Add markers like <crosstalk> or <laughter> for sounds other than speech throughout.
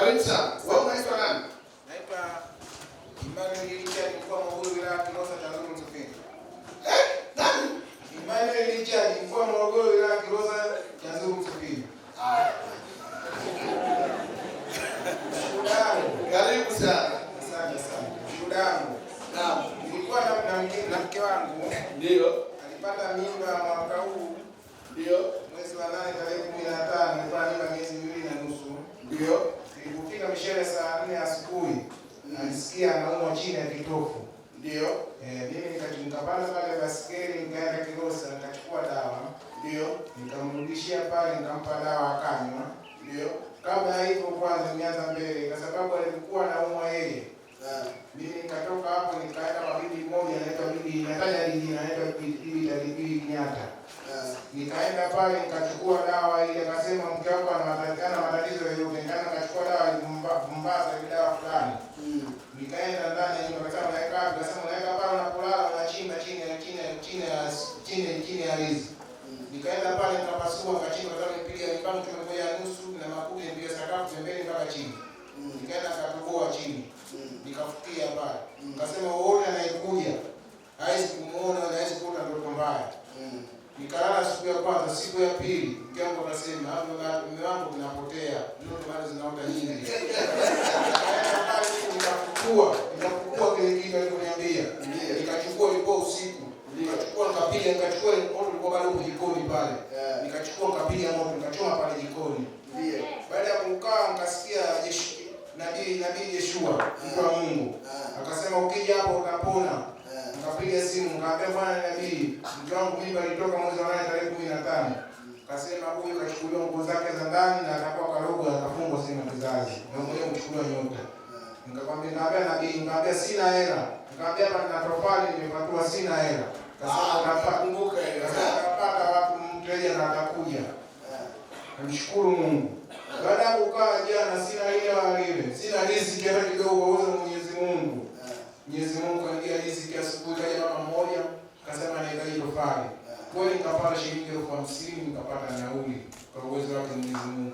Karibu sana. Wewe unaitwa nani? Naitwa Emmanuel Richard mkoa wa Morogoro wilaya ya Kilosa Tanzania Msafiri. Eh? Nani? Emmanuel Richard mkoa Morogoro wilaya Kilosa ya vitofu. Ndio. Eh, mimi nikajiunga pale pale basikeli nikaenda Kigosa nikachukua dawa. Ndio. Nikamrudishia pale nikampa dawa akanywa. Ndio. Kabla ya hivyo kwanza nianza mbele kwa sababu alikuwa anaumwa yeye. Ah. Mimi nikatoka hapo nikaenda kwa bibi mmoja anaitwa bibi nataja jina anaitwa bibi bibi Nyata. Ah. Nikaenda pale nikachukua dawa ile akasema mke wako ana matatizo matatizo yoyote. Nikaenda nikachukua dawa mbaza ile dawa fulani. Mm. Nikaenda ndani chini mm. nikaenda katoboa chini mm. nikafukia pale mm. nikasema wote anayekuja hawezi kumuona na hawezi kuona ndoto mbaya mm. nikalala siku ya kwanza, siku ya pili mjangu akasema mume wangu kinapotea ndoto bado zinaota nyingi <laughs> nikafukua nikafukua kile kitu alikoniambia nikachukua ilikuwa usiku nikachukua nikapiga nikachukua ilikuwa bado kujikoni pale Yeshua mtu wa Mungu. Akasema ukija hapo utapona. Nikapiga simu nikamwambia bwana nabii, mtu wangu mimi alitoka mwezi wa 8 tarehe 15. Akasema huyu kachukuliwa nguo zake za ndani na atakuwa karogwa atafungwa sema kizazi. Na mwenye kuchukua nyota. Nikamwambia naambia nabii, nikamwambia sina hela. Nikamwambia hapa nina tofali nimepatiwa sina hela. Kasema ah, unakumbuka ile. Akapata watu mteja na atakuja. Namshukuru Mungu. Baada ya kukaa jana sina hela na riziki hata kidogo, wauze Mwenyezi Mungu. Mwenyezi Mungu kanigia riziki asubuhi, kaja mama mmoja akasema anahitaji tofali kweli, nikapata shilingi elfu hamsini nikapata nauli kwa uwezo wake Mwenyezi Mungu.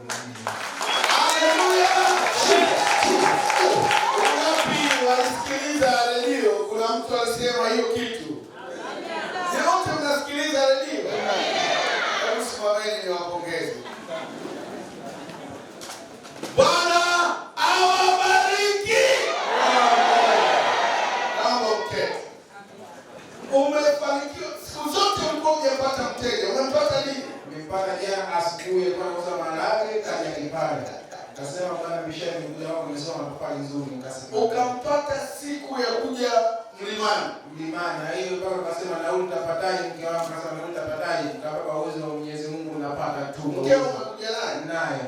mpaka jana asubuhi alikuwa anauza maharage, kaja kipanda. kasema bwana Bishani, mkuja wako amesoma matofali nzuri. Nikasema ukampata siku ya kuja mlimani, mlimani na hiyo mpaka kasema nauli tapataje? Mke wangu kasema nauli tapataje? Nikapata uwezo wa Mwenyezi Mungu, napata tu. Mke wangu anakuja naye naye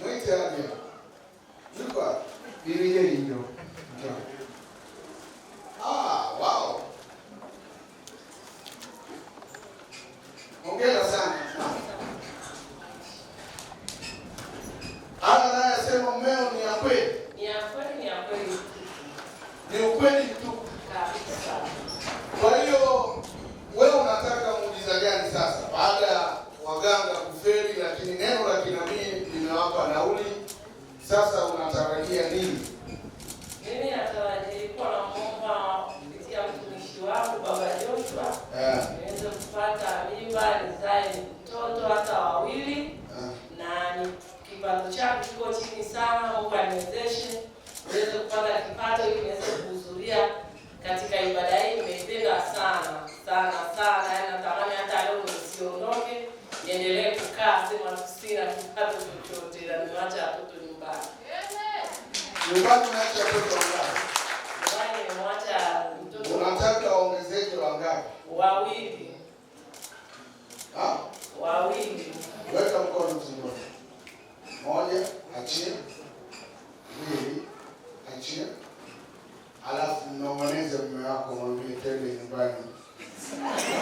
mwite aje, yuko bibi yeye ndio ukweli mtupu. Kwa hiyo wewe unataka muujiza gani sasa, baada ya waganga kufeli, lakini neno la kinabii linawapa nauli? Sasa unatarajia nini? Mimi natarajia kuwa na Mungu kupitia mtumishi wangu Baba Joshua, eh. niweze kupata mimba, nizae mtoto hata wawili, eh. na kipato changu kiko chini sana, Mungu aniwezeshe niweze kupata kipato ili niweze katika ibada hii. Nimeipenda sana sana sana, yaani natamani hata leo nisiondoke, niendelee kukaa sema sina kipato chochote na nimeacha watoto nyumbani. Nyumbani unaacha watoto Amen.